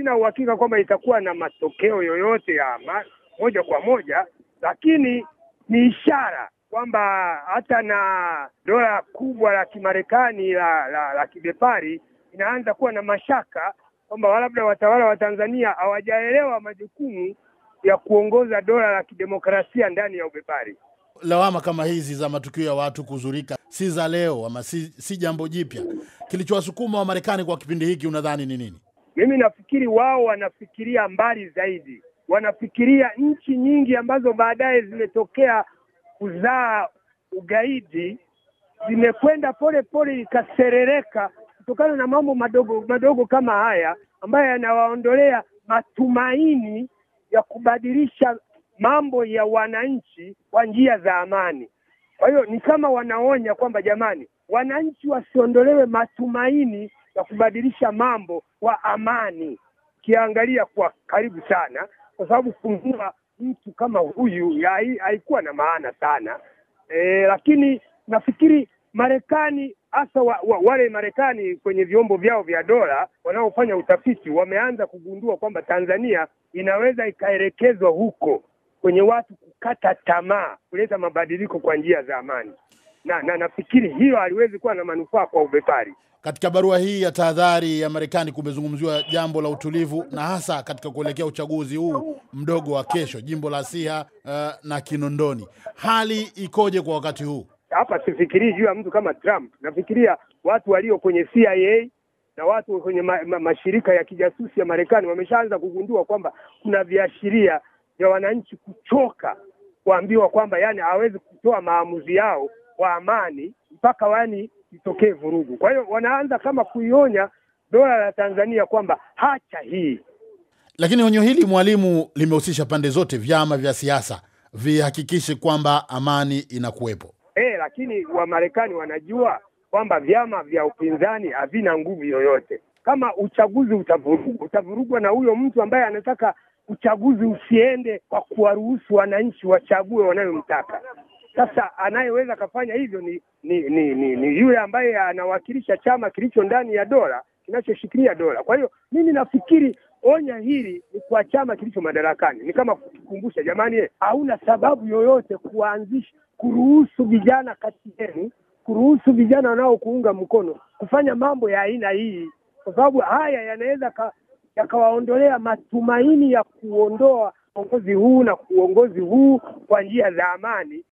sina uhakika kwamba itakuwa na matokeo yoyote ya ma, moja kwa moja, lakini ni ishara kwamba hata na dola kubwa la Kimarekani la, la, la kibepari inaanza kuwa na mashaka kwamba labda watawala wa Tanzania hawajaelewa majukumu ya kuongoza dola la kidemokrasia ndani ya ubepari. Lawama kama hizi za matukio ya watu kuzurika si za leo ama si, si jambo jipya. Kilichowasukuma wa Marekani kwa kipindi hiki unadhani ni nini? Mimi nafikiri wao wanafikiria mbali zaidi, wanafikiria nchi nyingi ambazo baadaye zimetokea kuzaa ugaidi zimekwenda pole pole ikaserereka kutokana na mambo madogo madogo kama haya ambayo yanawaondolea matumaini ya kubadilisha mambo ya wananchi kwa njia za amani. Kwa hiyo ni kama wanaonya kwamba jamani, wananchi wasiondolewe matumaini ya kubadilisha mambo wa amani, ukiangalia kwa karibu sana, kwa sababu kumua mtu kama huyu haikuwa na maana sana e, lakini nafikiri Marekani hasa wa, wa, wale Marekani kwenye vyombo vyao vya dola wanaofanya utafiti wameanza kugundua kwamba Tanzania inaweza ikaelekezwa huko kwenye watu kukata tamaa, kuleta mabadiliko kwa njia za amani na, na nafikiri hiyo haliwezi kuwa na manufaa kwa ubepari. Katika barua hii ya tahadhari ya Marekani kumezungumziwa jambo la utulivu na hasa katika kuelekea uchaguzi huu mdogo wa kesho, jimbo la Siha uh, na Kinondoni. Hali ikoje kwa wakati huu? Hapa sifikirii juu ya mtu kama Trump, nafikiria watu walio kwenye CIA na watu kwenye ma, ma, mashirika ya kijasusi ya Marekani wameshaanza kugundua kwamba kuna viashiria vya wananchi kuchoka kuambiwa kwamba yani hawezi kutoa maamuzi yao wa amani mpaka wani itokee vurugu. Kwa hiyo wanaanza kama kuionya dola la Tanzania kwamba hacha hii. Lakini onyo hili mwalimu, limehusisha pande zote, vyama vya siasa vihakikishe kwamba amani inakuwepo. E, lakini Wamarekani wanajua kwamba vyama vya upinzani havina nguvu yoyote. Kama uchaguzi utavurugwa, utavurugwa na huyo mtu ambaye anataka uchaguzi usiende kwa kuwaruhusu wananchi wachague wanayomtaka. Sasa anayeweza akafanya hivyo ni ni, ni ni ni yule ambaye anawakilisha chama kilicho ndani ya dola kinachoshikilia dola. Kwa hiyo mimi nafikiri onya hili ni kwa chama kilicho madarakani, ni kama kukumbusha, jamani, hauna sababu yoyote kuanzisha kuruhusu vijana kati yenu, kuruhusu vijana wanaokuunga mkono kufanya mambo ya aina hii, kwa sababu haya yanaweza yakawaondolea matumaini ya kuondoa uongozi huu na uongozi huu kwa njia za amani.